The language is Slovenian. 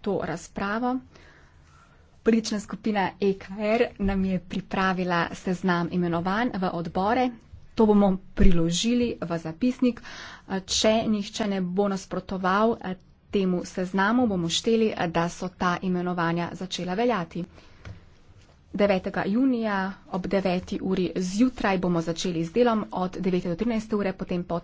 to razpravo. Politična skupina EKR nam je pripravila seznam imenovanj v odbore. To bomo priložili v zapisnik. Če nihče ne bo nasprotoval eh, temu seznamu, bomo šteli, eh, da so ta imenovanja začela veljati. 9. junija ob 9. uri zjutraj bomo začeli z delom od 9. do 13. ure, potem pod